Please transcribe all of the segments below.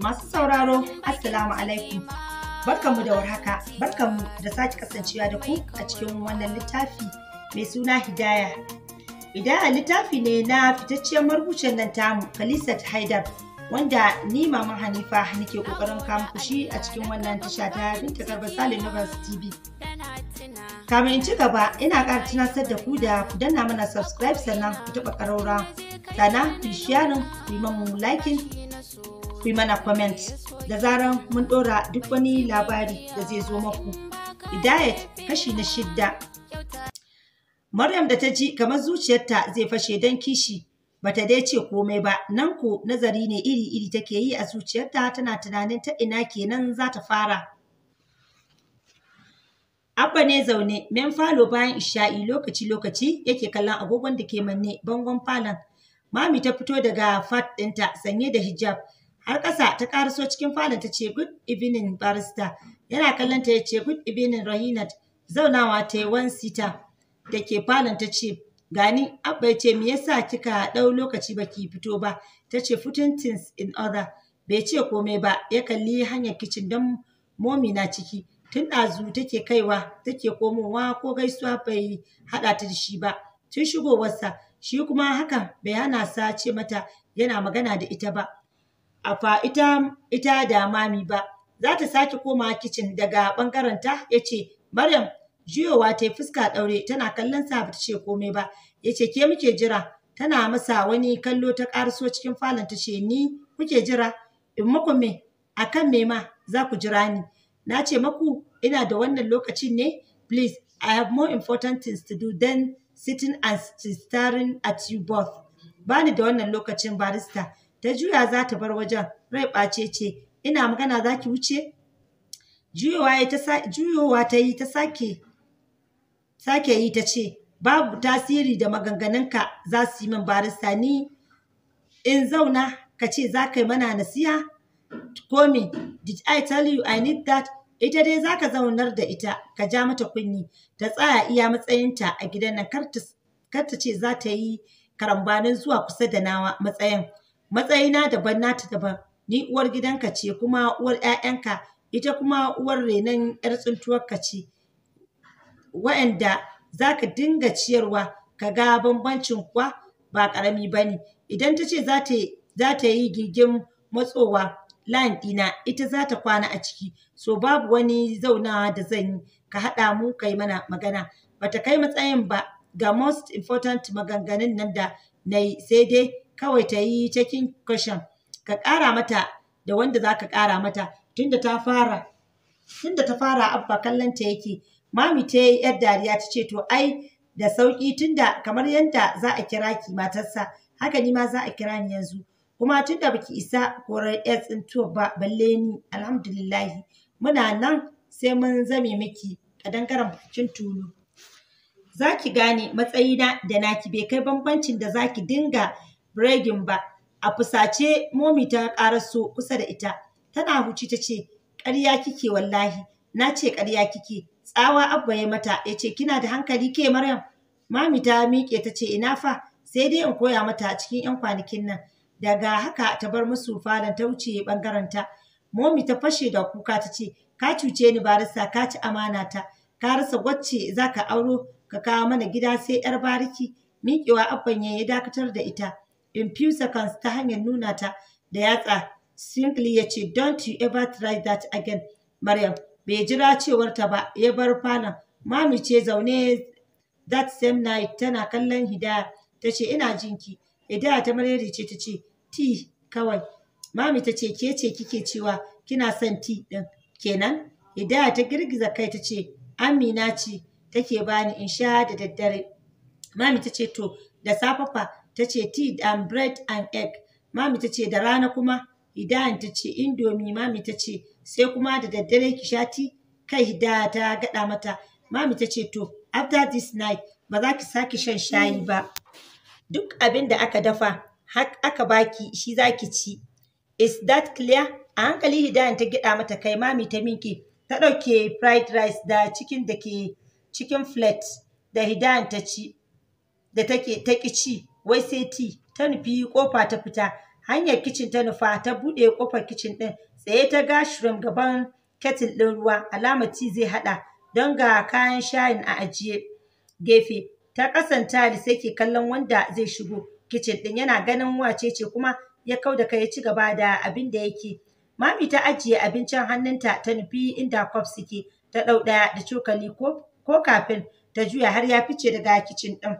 Masu sauraro, Assalamu alaikum. Barkanmu da warhaka, barkanmu da sake kasancewa da ku a cikin wannan littafi mai suna Hidaya. Hidaya littafi ne na fitacciyar marubuciyar nan tamu, Khalisat Haidar, wanda ni Mama Hanifa nake kokarin kawo shi a cikin wannan tasha ta Binta Garba Salim Novels TV. Kamin in ci gaba, ina ƙara tunasar da ku da ku danna mana subscribe sannan ku taɓa ƙaraura. sannan ku yi sharing, ku yi mamu liking, ku mana comment da zaran mun ɗora duk wani labari da zai zo maku hidayat kashi na shidda maryam da ta ji kamar zuciyarta zai fashe don kishi bata dai ce komai ba nan ko nazari ne iri-iri take yi a zuciyarta tana tunanin ta ina kenan za ta fara Abba ne zaune men falo bayan isha'i lokaci-lokaci yake kallon agogon da ke manne bangon falon. Mami ta fito daga fat ɗinta sanye da hijab har ƙasa ta ƙaraso cikin falon ta ce good evening barista yana kallon ta ya ce good evening rahinat zaunawa ta yi one sita da ke falon ta ce gani abba ya ce me yasa kika ɗau lokaci baki fito ba ta ce putting things in order bai ce komai ba ya kalli hanyar kicin don momi na ciki tun ɗazu take kaiwa take komowa ko gaisuwa bai haɗa ta da shi ba tun shigowarsa shi kuma haka bai hana sa ce mata yana magana da ita ba afa ita ita da mami ba za ta sake koma kicin daga bangaranta ya ce maryam juyowa ta yi fuska daure tana kallon sa ba ta ce komai ba ya ce ke muke jira tana masa wani kallo ta ƙaraso cikin falon ta ce ni kuke jira in muku me a kan me ma za ku jira ni na ce maku ina da wannan lokacin ne please i have more important things to do than sitting and staring at you both bani da wannan lokacin barista ta juya za ta bar wajen rai ɓace ce ina magana za ki wuce juyowa ta yi ta sake sake yi ta ce babu tasiri da maganganunka za su yi min barista ni in zauna ka ce za ka yi mana nasiha ko me did I tell you I need that ita dai za ka zaunar da ita ka ja mata kunni ta tsaya iya matsayinta a gidan nan kar ta ce za ta yi karambanin zuwa kusa da nawa matsayin matsayina daban nata daban ni uwar gidanka ce kuma uwar ‘ya'yanka ita kuma uwar renon ƴar tsintuwarka ce wa'anda za ka dinga ciyarwa ka ga bambancin kuwa ba ƙarami ba ne idan ta ce za ta yi gigin matsowa layin ɗina ita za ta kwana a ciki so babu wani zaunawa da zan yi ka haɗa mu yi mana magana bata kai matsayin ba ga most important maganganun nan da na yi sai dai kawai ta yi cikin kwashen ka ƙara mata da wanda za ka ƙara mata tunda ta fara tunda ta fara abba kallon ta yake mami ta yi yar dariya ta ce to ai da sauƙi tunda kamar yadda za a kira ki matarsa haka ni ma za a kira ni yanzu kuma tunda baki isa korar yar tsintuwa ba balle ni alhamdulillahi muna nan sai mun zame miki ƙadangaren cin tulu za ki gane matsayina da naki bai kai bambancin da za ki dinga biredin ba a fusace momi ta ƙaraso kusa da ita tana huci ta ce ƙarya kike wallahi na ce ƙarya kike tsawa abba ya mata ya ce kina da hankali ke maryam mami ta miƙe ta ce ina fa sai dai in koya mata a cikin 'yan kwanakin nan daga haka ta bar musu falon ta wuce bangaren ta momi ta fashe da kuka ta ce ka cuce ni barista ka ci amana ta ka rasa wacce za ka auro ka kawo mana gida sai 'yar bariki miƙewa abban ya dakatar da ita infusa kansa ta hanyar nuna ta da yatsa Singli ya ce, Don't you ever try that again, Maryam. Bai jira cewar ta ba, ya bar fana. Mami ce zaune that same night tana kallon Hidaya. Ta ce, Ina jinki. Hidaya ta Maryam ce ta ce, Ti kawai. Mami ta ce, Ke ce kike cewa kina son ti ɗin. Kenan, Hidaya ta girgiza kai ta ce, Amina ce take bani in sha da daddare. Mami ta ce, To, da safafa. ta ce tea and bread and egg mami ta ce da rana kuma hidayan ta ce indomi mami ta ce sai kuma da daddare ki sha tea kai hidaya ta gada mata mami ta ce to after this night ba za ki sake shan shayi ba duk abin da aka dafa har aka baki shi za ki ci is that clear a hankali hidayan ta gida mata kai mami ta minki ta ɗauke fried rice da cikin da ke cikin flat da hidayan ta ci da take ta ki ci wai sai ti ta nufi kofa ta fita hanyar kicin ta nufa ta buɗe kofar kicin ɗin tsaye ta gashiram gaban ketil ɗin ruwa alamar ti zai haɗa don ga kayan shayin a ajiye gefe ta kasanta da sai ke kallon wanda zai shigo kicin ɗin yana ganin wace ce kuma ya kau da kai ci gaba da abin da yake mami ta ajiye abincin hannunta ta nufi inda kwaf suke ta ɗau ɗaya da cokali ko kafin ta juya har ya fice daga kicin ɗin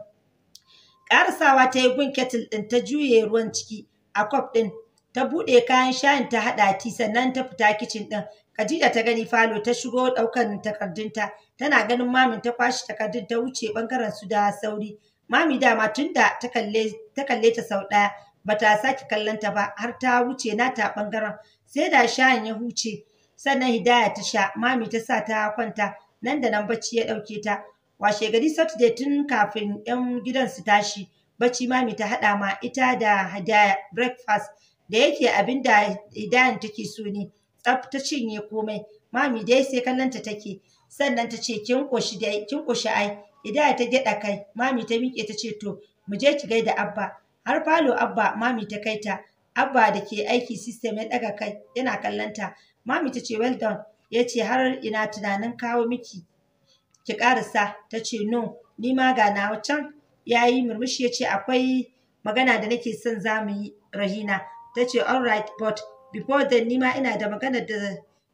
Karasawa ta yi gun ketil ɗin ta juye ruwan ciki a kwaf ɗin ta buɗe kayan shayin ta haɗa ti sannan ta fita kicin ɗin. Khadija ta gani falo ta shigo ɗaukan takardunta tana ganin mamin ta kwashe takardun ta wuce ɓangaren su da sauri. Mami dama tun da kalle ta kalle ta sau ɗaya bata sake kallon ta ba har ta wuce nata ɓangaren sai da shayin ya huce sannan Hidaya ta sha mami ta sa ta kwanta nan da nan bacci ya ɗauke ta washe gari saturday tun kafin yan gidan su tashi bacci mami ta haɗa ma ita da hadaya breakfast da yake abin da hidayan take so ne tsaf ta cinye komai mami dai sai kallonta take sannan ta ce kin koshi dai kin koshi ai hidaya ta gyaɗa kai mami ta miƙe ta ce to mu je ki gaida abba har falo abba mami ta kai ta abba da ke aiki system ya ɗaga kai yana kallonta mami ta ce well done ya ce har ina tunanin kawo miki ki karasa ta ce no ni ma ga na wacan ya yi murmushi ya ce akwai magana da nake son za mu yi rahina ta ce all right but before then ni ma ina da magana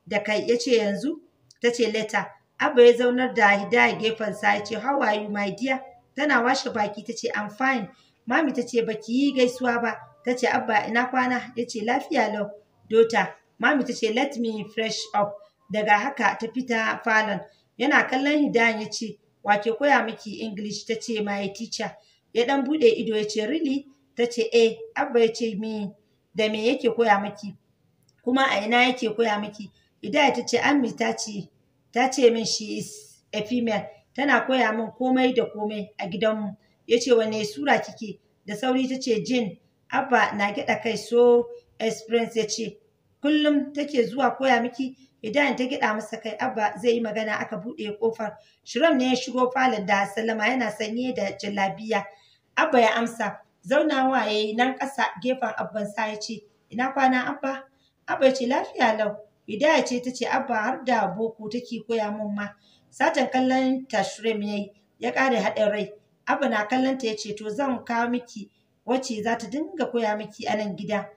da kai ya ce yanzu ta ce later abba ya zaunar da hidaya gefen sa ya ce how are you my dear tana washe baki ta ce i'm fine mami ta ce baki yi gaisuwa ba ta ce abba ina kwana ya ce lafiya lau dota mami ta ce let me fresh up daga haka ta fita falon yana kallon hidayan ya ce wa ke koya miki english ta ce my teacher ya dan bude ido ya ce really ta ce eh abba ya ce me da me yake koya miki kuma a ina yake koya miki hidaya ta ce ammi ta ce ta ce min she is a female tana koya min komai da komai a gidanmu ya ce wane sura kike da sauri ta ce jin abba na gyaɗa kai so experience ya ce kullum take zuwa koya miki Idan ta gida masa kai Abba zai yi magana aka buɗe kofar. Shiram ne ya shigo falon da Sallama yana sanye da jallabiya. Abba ya amsa zauna waye nan ƙasa gefen Abban sa ya ce ina kwana Abba? Abba ya ce lafiya lau. ya ce ta ce Abba har da boko take koya min ma. Satan kallon ta ya yi ya kare haɗin rai. Abba na kallon ta ya ce to zan kawo miki wacce za ta dinga koya miki a nan gida.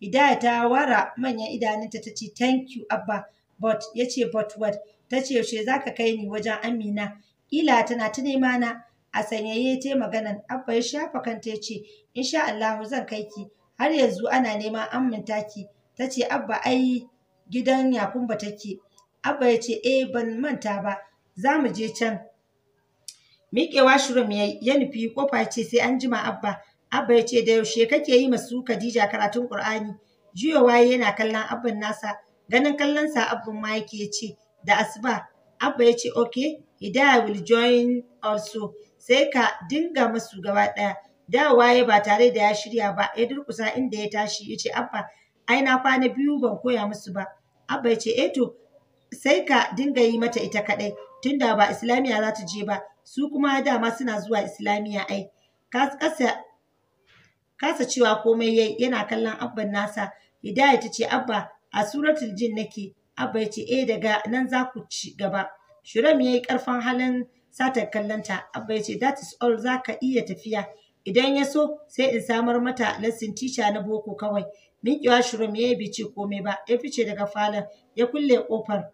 Hidaya ta wara manyan idanunta ta ce thank you Abba but ya ce but what ta ce yaushe za ka kai ni wajen amina ila tana ta nema na a sanyaye ta maganan abba ya shafa kanta ya ce insha allahu zan kai ki har yanzu ana neman aminta ki ta ce abba ai gidan ta take abba ya ce eh ban manta ba za mu je can miƙewa shirin ya nufi kofa ya ce sai an jima abba abba ya ce da yaushe kake yi masu khadija karatun ƙur'ani juyowa yana kallon abban nasa Ganin kallon sa abin ma yake ce da asuba abba ya ce okay Hidaya will join also sai ka dinga masu gaba daya da waye ba tare da ya shirya ba ya durkusa inda ya tashi ya ce abba ai na kwana biyu ban koya musu ba. Abba ya ce eh to sai ka dinga yi mata ita kaɗai tunda ba Islamiyya za ta je ba su kuma dama suna zuwa Islamiyya ai. Kasa cewa komai yayi yana kallon abban nasa Hidaya ta ce abba a suratul jin nake abba ya ce eh daga nan za ku ci gaba shiram ya yi halin satar kallonta abba ya ce that is all za ka iya tafiya idan ya so sai in samar mata lesson teacher na boko kawai miƙewa shiram ya yi bice komai ba ya fice daga falon ya kulle kofar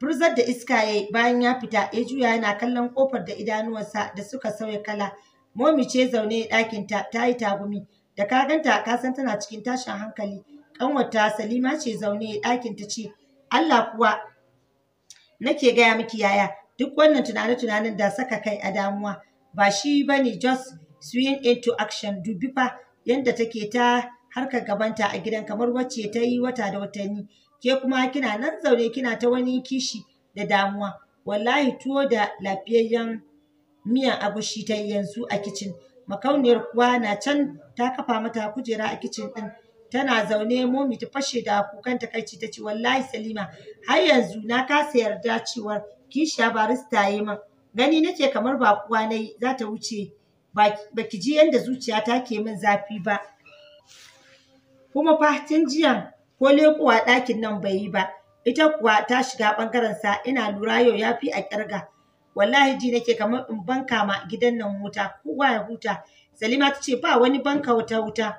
furzar da iska ya bayan ya fita ya juya yana kallon kofar da idanuwansa da suka sauya kala momi ce zaune ɗakinta ta yi tagumi da ka ganta ka san tana cikin tashin hankali ƙanwata Salima ce zaune ɗakin ta ce Allah kuwa nake gaya miki yaya duk wannan tunane tunanin da saka kai a damuwa ba shi bane just swing into action dubi fa yanda take ta harkar gabanta a gidan kamar wacce ta yi wata da watanni ke kuma kina nan zaune kina ta wani kishi da damuwa wallahi tuwo da lafiyayyen miyan agushi ta yanzu a kicin makauniyar kuwa na can ta kafa mata kujera a kicin ɗin. tana zaune momi ta fashe da kukan takaici ta ce wallahi salima har yanzu na kasa yarda cewar kishiya barista yi min gani nake kamar ba kuwa nayi za ta wuce baki ji yanda ta ke min zafi ba kuma fa tun jiya ko leƙowa ɗakin nan bai yi ba ita kuwa ta shiga ɓangaren sa ina lura yau ya fi a ƙirga wallahi ji nake kamar in banka ma gidan nan wuta kowa ya huta salima ta ce ba wani banka wata wuta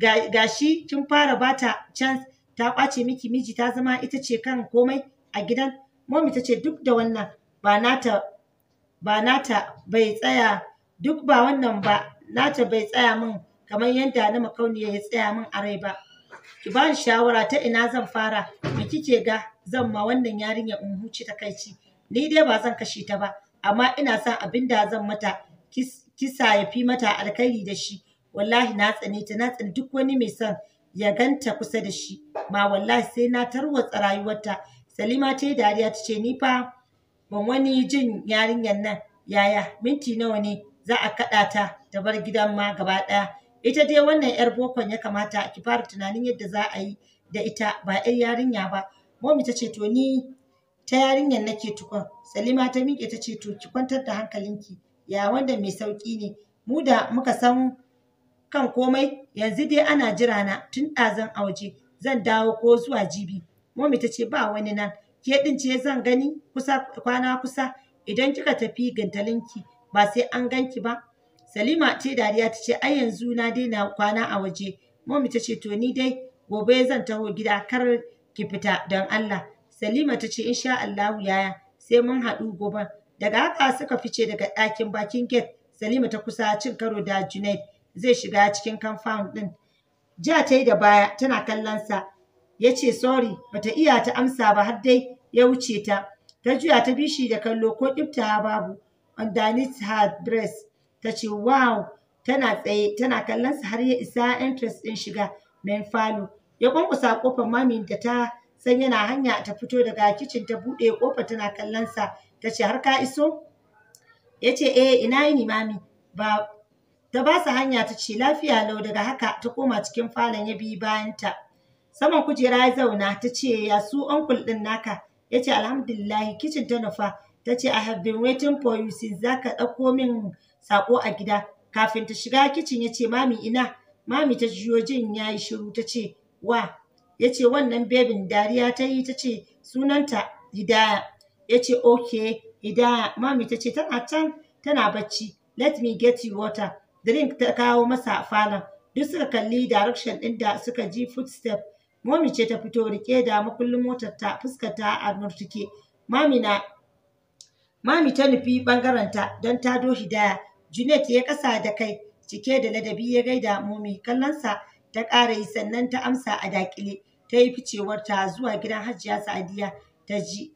ga shi kin fara bata can ta kwace miki miji ta zama ita ce kan komai a gidan momi ta ce duk da wannan ba nata ba nata bai tsaya duk ba wannan ba nata bai tsaya min kamar yadda na makauniya ya tsaya min a rai ba ki ba shawara ta ina zan fara me kike ga zan ma wannan yarinya in huce ta takaici ni dai ba zan kashe ta ba amma ina son abin da zan mata kisa ya fi mata alkhairi da shi wallahi na tsane ta na tsane duk wani mai son ya ganta kusa da shi ma wallahi sai na tarwatsa rayuwarta salima ta yi dariya ta ce ni fa ban wani jin yarinyar nan yaya minti nawa ne za a kaɗa ta ta bar gidan ma gaba ɗaya ita dai wannan yar bokon ya kamata ki fara tunanin yadda za a yi da ita ba yar yarinya ba momi ta ce to ni ta yarinyar nake tukun salima ta miƙe ta ce to ki kwantar da hankalinki ya wanda mai sauƙi ne mu da muka san kan komai yanzu dai ana jira na tun ɗazan a waje zan dawo ko zuwa jibi momi ta ce ba wani nan ke ɗin ce zan gani kusa kwana kusa idan kika tafi gintalinki ba sai an ganki ba salima ce dariya ta ce ai yanzu na daina kwana a waje momi ta ce to ni dai gobe zan taho gida kar ki fita don allah salima ta ce insha Allah yaya sai mun haɗu gobe daga haka suka fice daga ɗakin bakin gate salima ta kusa cin karo da junaid zai shiga cikin kamfan ɗin. Ja ta yi da baya tana kallonsa. sa. Ya ce sorry bata iya ta amsa ba har dai ya wuce ta. Ta juya ta bi shi da kallo ko kibta, babu. Underneath her dress ta ce wow tana tsaye tana kallonsa. har ya isa entrance ɗin shiga main falo. Ya kwankwasa kofar mamin da ta san yana hanya ta fito daga kicin ta buɗe kofar tana kallon sa ta ce har ka iso? Ya ce eh ina yini mami ba ta ba su hanya ta ce lafiya lau daga haka ta koma cikin falon ya bi bayanta saman kujera ya zauna ta ce ya su onkul naka ya ce alhamdulillahi kicin ta nufa ta ce i have been waiting za ka ɗauko min sako a gida kafin ta shiga kicin ya ce mami ina mami ta jiyo jin ya yi shiru ta ce wa ya ce wannan bebin dariya ta yi ta ce sunanta hidaya ya ce Ok. hidaya mami ta ce tana can tana bacci let me get you water drink ta kawo masa falon duk suka kalli direction ɗin da suka ji footstep momi ce ta fito rike da makullin motar ta fuskar a murtuke mami na mami ta nufi bangaren ta don ta doshi daya junet ya kasa da kai cike da ladabi ya gaida Mami. Kallon sa ta ƙara yi sannan ta amsa a dakile ta yi ta zuwa gidan hajiya sa'adiya ta ji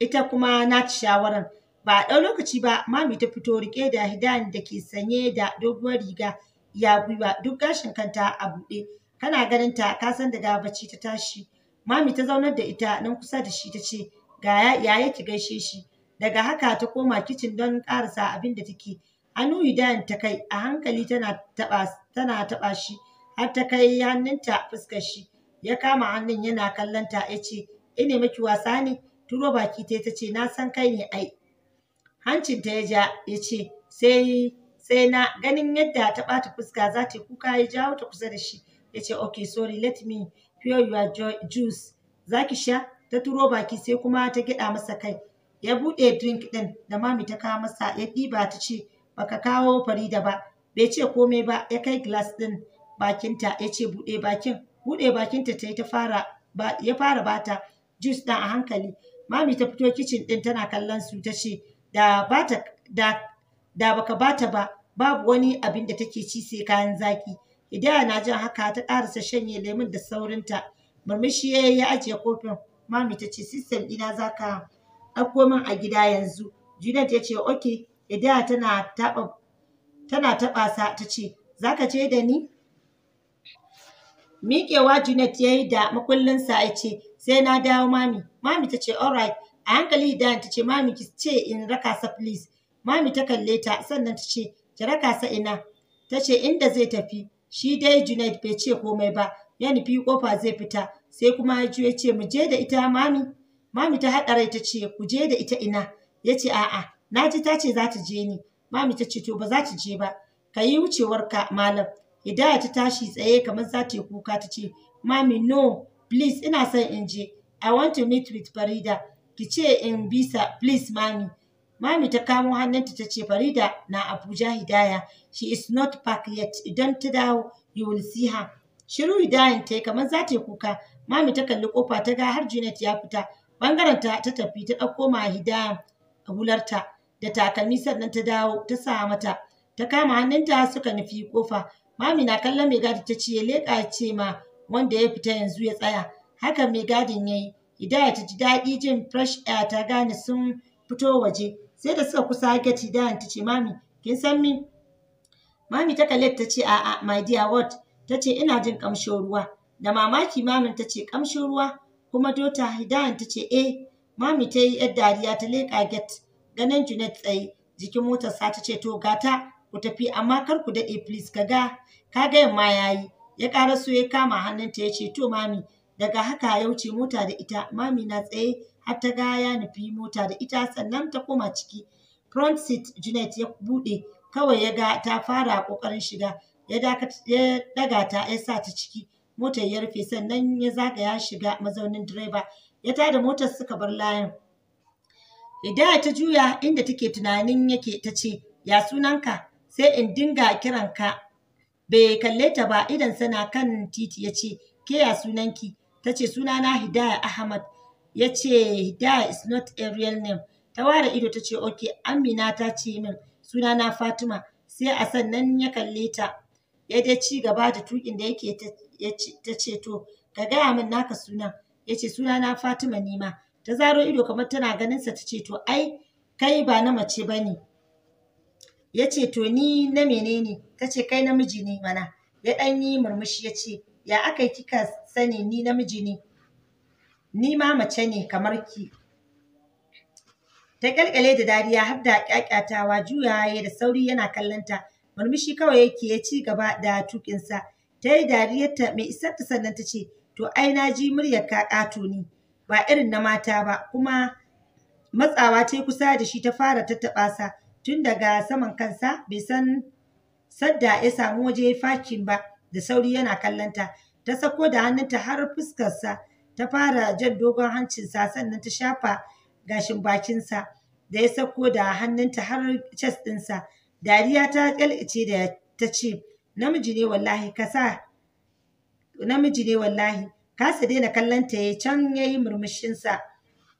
ita kuma na ci shawaran Ba a ɗau lokaci ba Mami ta fito rike da hidan da ke sanye da doguwar riga ya gwiwa duk gashin kanta a buɗe. Kana ganin ta ka san daga bacci ta tashi. Mami ta zaunar da ita nan kusa da shi ta ce ga yaya ki gaishe shi. Daga haka ta koma kicin don ƙarasa abin da take. Hannu hidan ta kai a hankali tana taɓa tana taɓa shi har ta kai hannunta fuskar shi. Ya kama hannun yana kallon ta ya ce ina maki wasa ne turo baki ta ce na san kai ne ai ta ya ja ya ce sai sai na ganin yadda ta bata fuska za ta kuka ya jawo ta kusa da shi ya ce ok sorry let me pure your juice za ki sha ta turo baki sai kuma ta gida masa kai ya buɗe drink ɗin da mami ta kawo masa ya ɗiba ta ce baka kawo farida ba bai ce komai ba ya kai glass ɗin bakinta ya ce buɗe bakin buɗe bakinta ta yi ta fara ya fara bata juice ɗin a hankali mami ta fito kicin ɗin tana kallon su ta ce da da da baka bata ba babu wani abin da take ci sai kayan zaki hidaya na jin haka ta karasa shanye lemun da saurinta murmushi ya ya ajiye kofin mami ta ce sistem ɗina za ka ɗauko min a gida yanzu juliet ya ce ok hidaya tana taɓa sa ta ce za ka je da ni miƙewa junet ya yi da makullinsa ya ce sai na dawo mami mami ta ce alright a hankali idan ta ce mami ki ce in raka sa please mami ta kalle ta sannan ta ce ki raka sa ina ta ce inda zai tafi shi dai junaid bai ce komai ba ya nufi kofa zai fita sai kuma ya ya ce mu je da ita mami mami ta haɗa rai ta ce ku je da ita ina ya ce a'a na ji ta ce za ta je ni mami ta ce to ba za ta je ba ka yi ka, malam hidaya ta tashi tsaye kamar za ta kuka ta ce mami no please ina son in je i want to meet with farida ki ce in bisa please mami mami ta kamo hannunta ta ce farida na abuja hidaya she is not back yet idan ta dawo you will see her shiru hidayan ta kamar za ta kuka mami ta kalli kofa ta ga har junet ya fita bangaren ta ta tafi ta ɗauko ma a hularta da takalmi sannan ta dawo ta sa mata ta kama hannunta suka nufi kofa mami na kallon mai gadi ta ce ya ce ma wanda ya fita yanzu ya tsaya Haka mai gadin yayi Hidaya ta ji daɗi jin fresh air ta gane sun fito waje. Sai da suka kusa Haggett da ta ce mami kin san min? Mami ta kalle ta ce a'a my dear what? Ta ce ina jin kamshin ruwa. Da mamaki mamin ta ce kamshin ruwa kuma dota Hidaya ta ce eh mami ta yi yar dariya ta leƙa get ganin Junet tsaye jikin motarsa ta ce to gata ku tafi amma kar ku daɗe please ka ga. Ka ga yamma yayi ya ƙara so ya kama hannunta ya ce to mami daga haka ya wuce mota da ita mami na tsaye har ta ga ya nufi mota da ita sannan ta koma ciki front seat Junet ya bude kawai ya ga ta fara kokarin shiga ya daga ta ya sa ta ciki motar ya rufe sannan ya zagaya shiga mazaunin direba ya tada motar suka bar layin Hidaya ta juya inda take tunanin yake ta ce ya sunanka sai in dinga kiranka bai kalle ta ba idan sana kan titi ya ce ke ya sunanki ta ce suna sunana Hidaya Ahmad ya ce Hidaya is not a real name ta ware ido ta ce ok. Amina ta ce min suna na Fatima sai a sannan ya kalle ta ya dai ci gaba da tukin da yake ta ce to ka gaya min naka sunan ya ce suna na Fatima nima ta zaro ido kamar tana ganin sa ta ce to ai kai ba na mace bane ya ce to ni na menene ta ce kai namiji ne mana ya ɗan murmushi ya ce ya aka kika sani ni namiji ne ni ma mace ne kamar ki ta kyalkyale da dariya har da kyakyatawa juyaye da sauri yana kallonta murmushi kawai yake ya ci gaba da tukinsa ta yi dariyarta mai isar ta sannan ta ce to ai na ji muryar ka ƙato ne ba irin na mata ba kuma matsawa ta kusa da shi ta fara tattaɓa sa tun daga saman kansa bai san sadda ya samu waje fakin ba da sauri yana kallonta ta sako da hannunta har fuskarsa ta fara jan dogon hancinsa sannan ta shafa gashin bakinsa da ya sako da hannunta har chest ɗinsa dariya ta kyalice da ta ce namiji ne wallahi ka sa namiji ne wallahi kasa daina kallonta ya can ya yi murmushinsa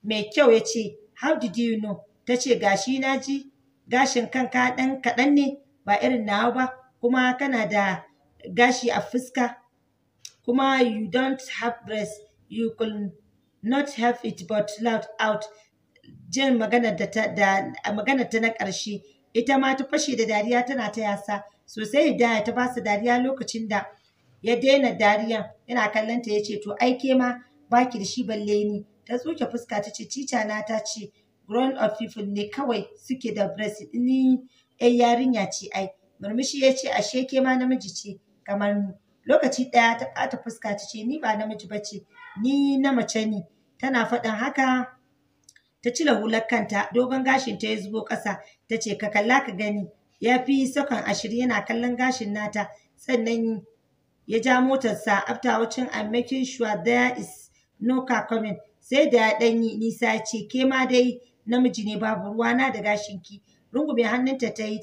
mai kyau ya ce how did you know ta ce gashi na ji gashin kanka ɗan kaɗan ne ba irin nawa ba kuma kana da gashi a fuska kuma you don't have breast you could not have it but loud out jin magana da ta da magana ta na ƙarshe ita ma ta fashe da dariya tana ta yasa sosai hidaya ta basu dariya lokacin da ya daina dariya yana kallon ta yace to ai ke ma baki da shi balle ni ta tsuke fuska ta ce cica na ta ce grown up people ne kawai suke da breast ni e yarinya ce ai murmushi yace ashe ke ma namiji ce kamar lokaci ɗaya ta ɓata fuska ta ce ni ba namiji ba ce ni na mace ne tana faɗin haka ta cire hular kanta dogon gashin ta ya zubo ƙasa ta ce ka kalla ka gani ya fi sakon ashirin yana kallon gashin nata sannan ya ja motarsa after watching and making sure there is no car coming sai da ya yi nisa ya ce ke ma dai namiji ne babu na da gashin ki rungume hannunta ta yi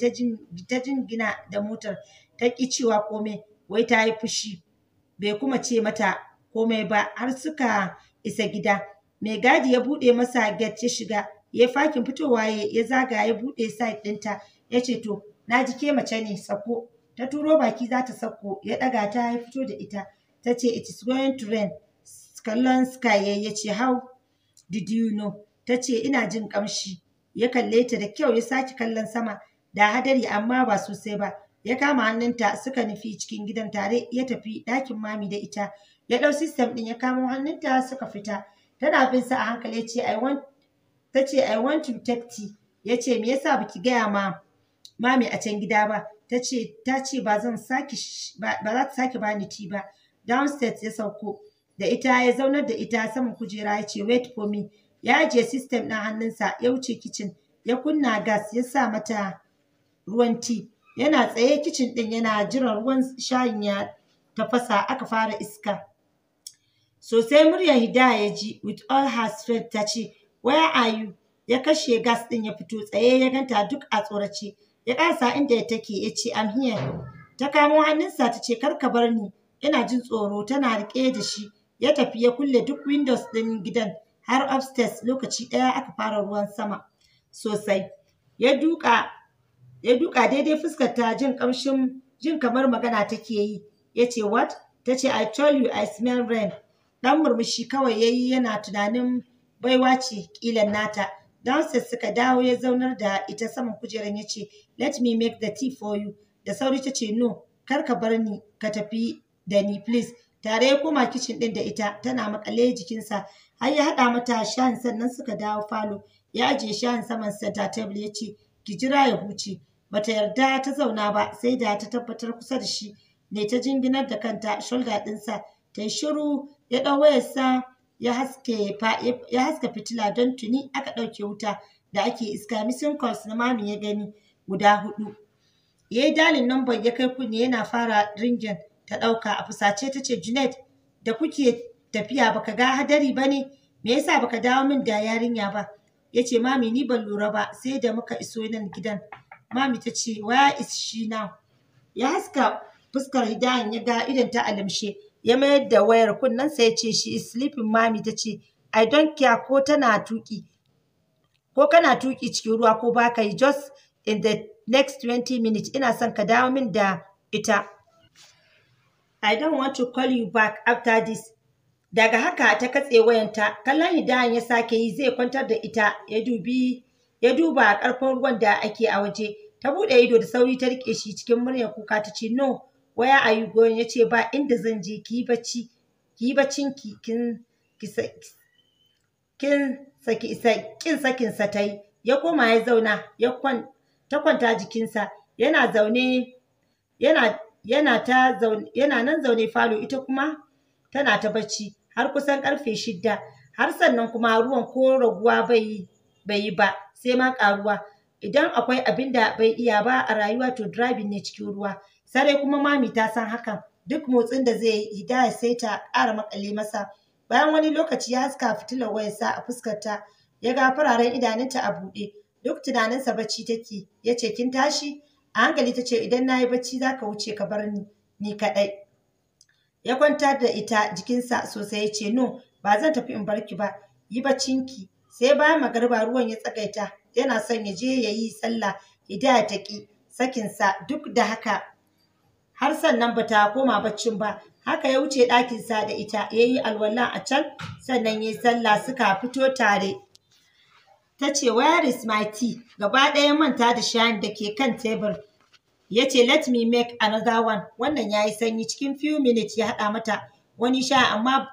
ta jingina da motar ta ƙi cewa komai wai ta yi fushi bai kuma ce mata komai ba har suka isa gida mai gadi ya buɗe masa get ya shiga ya fakin fitowa ya zaga ya buɗe side ɗinta ya ce to na ji ke mace ne sako ta turo baki za ta sako ya ɗaga ta ya fito da ita ta ce it is going to rain kallon sky ya ce how did you know ta ce ina jin ƙamshi ya kalle ta da kyau ya sake kallon sama da hadari amma ba sosai ba ya kama hannunta suka nufi cikin gidan tare ya tafi ɗakin mami da ita ya ɗau sistem ɗin ya kama hannunta suka fita tana bin sa a hankali ya ce I want ta ce I want to take tea ya ce me yasa baki gaya ma mami a can gida ba ta ce ta ce ba zan saki ba za ta sake bani ti ba downstairs ya sauko da ita ya zaunar da ita saman kujera ya ce wait for me ya je system ɗin hannunsa ya wuce kicin ya kunna gas ya sa mata ruwan tea yana tsaye kicin ɗin yana jiran ruwan shayin ya tafasa aka fara iska sosai murya hidaya ya ji with all her strength ta ce where are you ya kashe gas ɗin ya fito tsaye ya ganta duk a tsorace ya ƙasa inda ya take ya ce I'm here ta kamo hannunsa ta ce kar ka bar ni ina jin tsoro tana riƙe da shi ya tafi ya kulle duk windows ɗin gidan har upstairs lokaci ɗaya aka fara ruwan sama sosai ya duka ya duka daidai fuskar ta jin kamshin jin kamar magana take yi ya ce what ta ce i tell you i smell rain dan murmushi kawai ya yi yana tunanin baiwa ce kilan nata downstairs suka dawo ya zaunar da ita saman kujeran ya ce let me make the tea for you da sauri ta ce no kar ka bar ni ka tafi da ni please tare ya koma kicin din da ita tana makale jikinsa har ya haɗa mata shan sannan suka dawo falo ya ajiye shan saman center table ya ce ki jira ya huce bata yarda ta zauna ba sai da ta tabbatar kusa da shi ne ta jinginar da kanta shulga ɗinsa ta yi shiru ya ɗau wayarsa ya haska fitila don tuni aka ɗauke wuta da ake iska missing calls na mami ya gani guda hudu ya yi dalin number ya kai kunne yana fara ringin ta ɗauka a fusace ta ce junet da kuke tafiya baka ga hadari ba ne me yasa baka dawo min da yarinya ba ya ce mami ni ban lura ba sai da muka iso nan gidan Mami ta ce, waya is she now? Ya haska fuskar hidayan ya ga idan ta alamshe, ya mayar da wayar kunnensa ya ce shi is sleeping mami ta ce, I don't care ko tana tuki. Ko kana tuki cikin ruwa ko baka yi just in the next 20 minutes ina son ka dawo min da ita. I don want to call you back after this. Daga haka ta katse wayanta, kallon hidayan ya sake yi zai kwantar da ita ya dubi ya duba a ƙarfin ruwan da ake a waje ta buɗe ido da sauri ta rike shi cikin muryar kuka ta ce no waya a yi goyon ya ce ba inda zan je ki yi bacci ki yi baccin ki kin kin saki kin sakin sa ta ya koma ya zauna ya kwan ta kwanta jikinsa yana zaune yana yana ta zaune yana nan zaune falo ita kuma tana ta bacci har kusan karfe shidda har sannan kuma ruwan ko raguwa bai bai yi ba sai ma ƙaruwa idan akwai abin da bai iya ba a rayuwa to driving ne cikin ruwa Sare kuma mami ta san hakan duk motsin da zai yi hidaya sai ta ƙara makale masa bayan wani lokaci ya haska fitilar wayarsa a fuskarta ya ga fararen idanunta a buɗe duk tunaninsa bacci take ya ce kin tashi a hankali ta ce idan na yi bacci za ka wuce ka bar ni ni kaɗai ya kwantar da ita jikinsa sosai ya ce no ba zan tafi in barki ba yi ki. sai bayan magariba ruwan ya tsagaita yana son ya je ya yi sallah idan ya taƙi sakinsa duk da haka har sannan ba ta koma baccin ba haka ya wuce ɗakinsa da ita ya yi alwala a can sannan ya yi sallah suka fito tare ta ce where is my tea gaba ɗaya manta da shayin da ke kan tebur ya ce let me make another one wannan ya yi sanyi cikin few minutes ya haɗa mata wani sha amma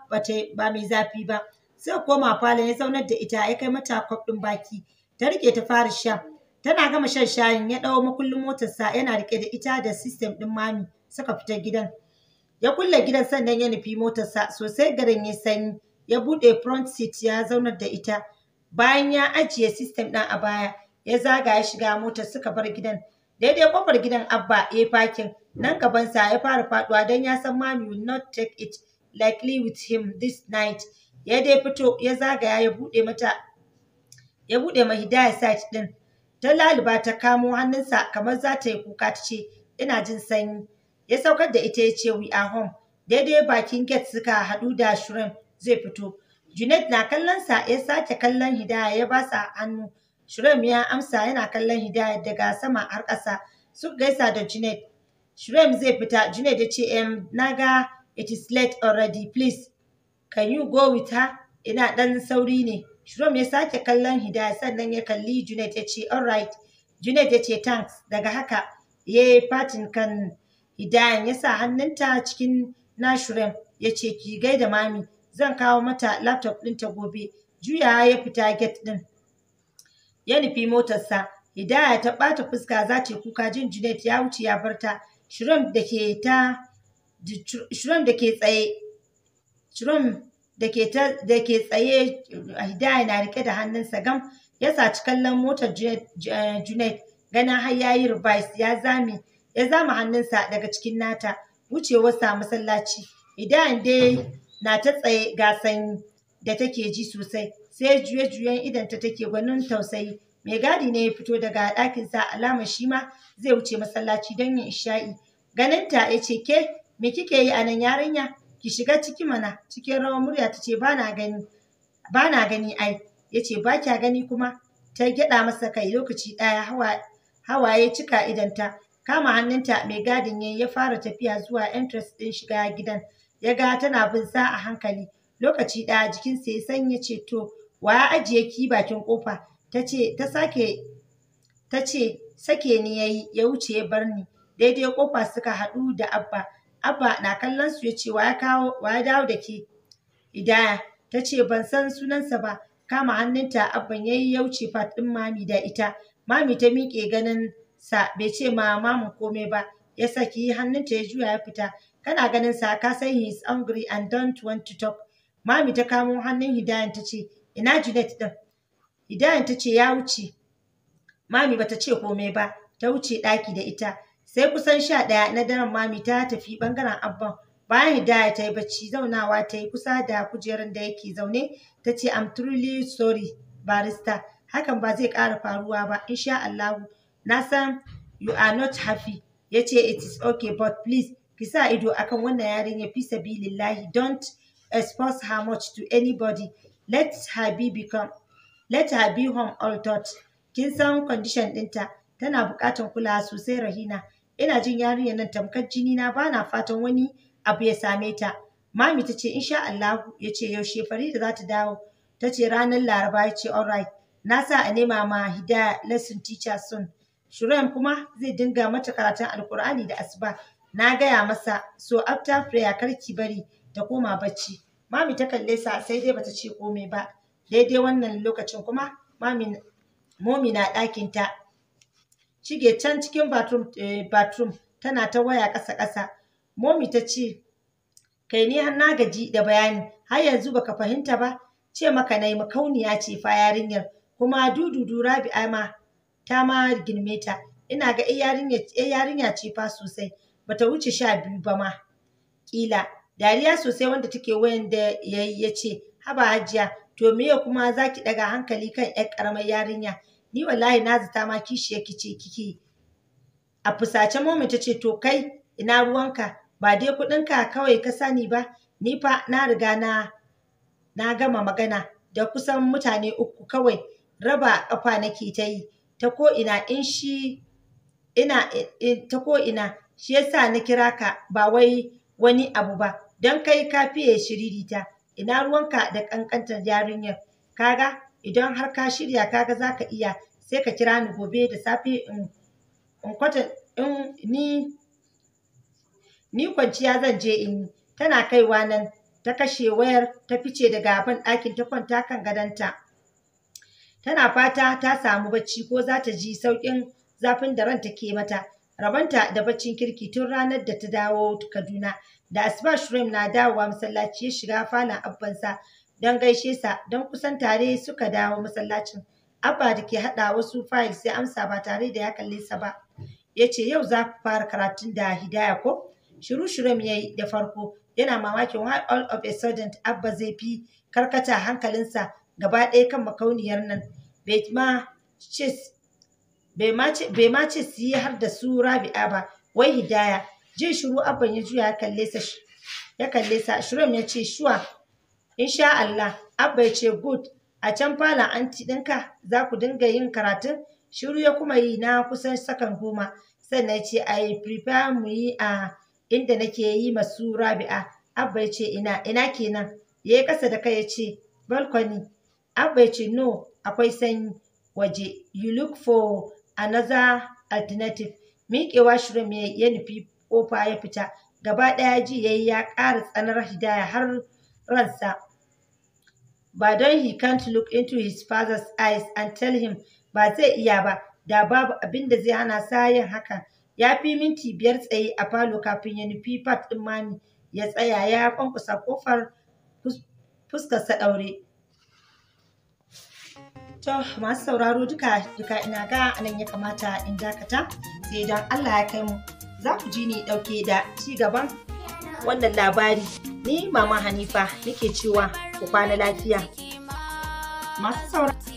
ba mai zafi ba sai koma falon ya zaunar da ita ya kai mata kwaf ɗin baki ta rike ta fara sha tana gama shan shayin ya ɗau makullin motarsa yana rike da ita da sistem ɗin mami suka fita gidan ya kulle gidan sannan ya nufi motarsa sosai garin ya sanyi ya buɗe front seat ya zaunar da ita bayan ya ajiye sistem ɗin a baya ya zaga ya shiga motar suka bar gidan daidai kofar gidan abba ya fakin nan gabansa ya fara faduwa don ya san mami will not take it likely with him this night ya dai fito ya zagaya ya buɗe mata ya buɗe ma hidaya site ɗin ta laliba ta kamo hannunsa kamar za ta yi kuka ta ce ina jin sanyi ya saukar da ita ya ce we are home daidai bakin gate suka haɗu da shirin zai fito junet na kallon sa ya sake kallon Hidaya ya ba sa hannu. shirin ya amsa yana kallon Hidaya daga sama har ƙasa. su gaisa da junet shirin zai fita. junet ya ce, "Em, na ga it is late already, please can you go with her ina ɗan sauri ne Shrom ya sake kallon Hidaya sannan ya kalli Junet ya ce alright Junet ya ce thanks daga haka ya yi fatin kan Hidayan ya sa hannunta cikin na Shrom ya ce ki gaida mami zan kawo mata laptop ta gobe juya ya fita get ɗin ya nufi motarsa Hidaya ta ɓata fuska za ce kuka jin Junet ya wuce ya barta shirom da Shrom da ke tsaye Trump da ke tsaye hida yana rike da hannunsa gam ya saci kallon motar eh, Junaid ganin har ya yi ya zame ya zama hannunsa daga cikin nata wucewarsa masallaci Idan dai na ta tsaye ga sanyi da take ji sosai sai juye-juyen ta take gwanin tausayi mai gadi ne ya fito daga ɗakinsa alamar shi ma zai wuce masallaci don yin isha'i ta ya ce ke me kike yi anan nan yarinya ki shiga ciki mana cikin rawar murya ta ce bana gani bana gani ai ya ce ba kya gani kuma ta gyada masa kai lokaci ɗaya hawaye cika ta. kama hannunta mai gadin ya ya fara tafiya zuwa entrance din shiga gidan ya ga tana bin sa a hankali lokaci ɗaya jikinsa ya sanya ce to wa ya ajiye ki bakin kofa ta ce ta sake ta sake ni yayi ya wuce ya bar ni daidai kofa suka haɗu da abba Abba na kallon su ya ce wa ya kawo wa ya dawo da ke. Hidaya ta ce ban san sunansa ba kama hannunta abban ya yi yauce fat ɗin mami da ita. Mami ta miƙe ganin sa bai ce ma mamu komai ba ya saki hannunta ya juya ya fita. Kana ganin sa ka san he is angry and don't want to talk. Mami ta kamo hannun Hidayan ta ce ina Junet din. Hidayan ta ce ya wuce. Mami bata ce komai ba ta wuce ɗaki da ita. sai kusan sha ɗaya na daren mami ta tafi ɓangaren abban bayan hidaya ta yi bacci zaunawa ta yi kusa da kujerar da yake zaune ta ce am truly sorry barista hakan ba zai ƙara faruwa ba insha Allahu na san you are not happy ya ce it is okay but please ki sa ido akan wannan yarinya fi sabilillahi don't expose her much to anybody let her be become let her be home all kin san condition ɗinta tana buƙatar kulawa sosai rahina ina jin yarinyar nan tamkar jini na bana fatan wani abu ya same ta mami ta ce insha Allah ya ce yaushe Farida za ta dawo ta ce ranar Laraba ya ce alright na sa a nema ma Hidaya lesson teacher sun. Shuraim kuma zai dinga mata karatun Alkur'ani da asuba na gaya masa so after prayer karki bari ta koma bacci mami ta kalle sa sai dai bata ce komai ba daidai wannan lokacin kuma mami momi na ɗakin ta shige can cikin bathroom, eh, tana ta waya ƙasa-ƙasa. Momi ta ce, kai ni har na gaji da bayani, har yanzu baka fahimta ba, ce maka na makauniya ce fa yarinyar, kuma dududu rabi'a ma ta ma girme ta, ina ga yarinya ce fa sosai, bata wuce sha biyu ba ma. Ƙila, dariya sosai wanda take wayan da ya ce, haba hajiya, to meye kuma za ki ɗaga hankali kan 'yar ƙaramar yarinya, ni wallahi na zata ma kishiya kice kiki a fusace momi ta ce to kai ina ruwanka ba dai kuɗinka kawai ka sani ba ni fa na riga na na gama magana da kusan mutane uku kawai raba ƙafa nake ta yi ta ko ina in shi ina eh, ta ko ina shi yasa na kira ka ba wai wani abu ba don kai ka fiye shiririta ina ruwanka da ƙanƙantar yarinyar kaga idan har ka shirya kaga zaka iya sai ka kira ni gobe da safe in in kwata in ni ni kwanciya zan je in yi tana kaiwa nan ta kashe wayar ta fice daga abin ɗakin ta kwanta kan gadonta tana fata ta samu bacci ko za ta ji sauƙin zafin da ranta ke mata rabanta da baccin kirki tun ranar da ta dawo kaduna da asuba shurem na dawowa masallaci ya shiga falon abbansa don gaishe sa don kusan tare suka dawo masallacin abba da ke haɗa wasu fayil sai amsa ba tare da ya kalle sa ba yace yau za ku fara karatun da hidaya ko shiru shiru ya yi da farko yana mamakin why all of a sudden abba zai fi karkata hankalinsa gaba ɗaya kan makauniyar nan bai ma ce su yi har da su rabi'a ba wai hidaya jin shiru abban ya juya ya kalle sa ya ya ce shuwa Insha Allah, Abba ya ce good, a can falon anti ɗinka za ku dinga yin karatun? Shiru ya kuma yi na kusan sakan goma, sannan ya ce I prepare mu yi a inda nake yi masu rabi'a. Abba ya ce ina, ina kenan. Ya yi ƙasa da kai ya ce balkoni. Abba ya ce no, akwai sanyi waje. You look for another alternative. Miƙewa shirin ya nufi ƙofa ya fita. Gaba ɗaya ji ya yi ya ƙara tsanar hidaya har ransa ba don he can't look into his father's eyes and tell him ba zai iya ba da babu abin da zai hana sa yin haka ya fi minti biyar tsaye a falo kafin ya nufi fat ɗin mami ya tsaya ya kwankwasa kofar fuskarsa daure. To masu sauraro duka duka ina ga anan ya kamata in dakata sai dan Allah ya kai mu za ku ji ni dauke da ci gaban wannan labari ni mama hanifa nake cewa ku kwana lafiya masu saurari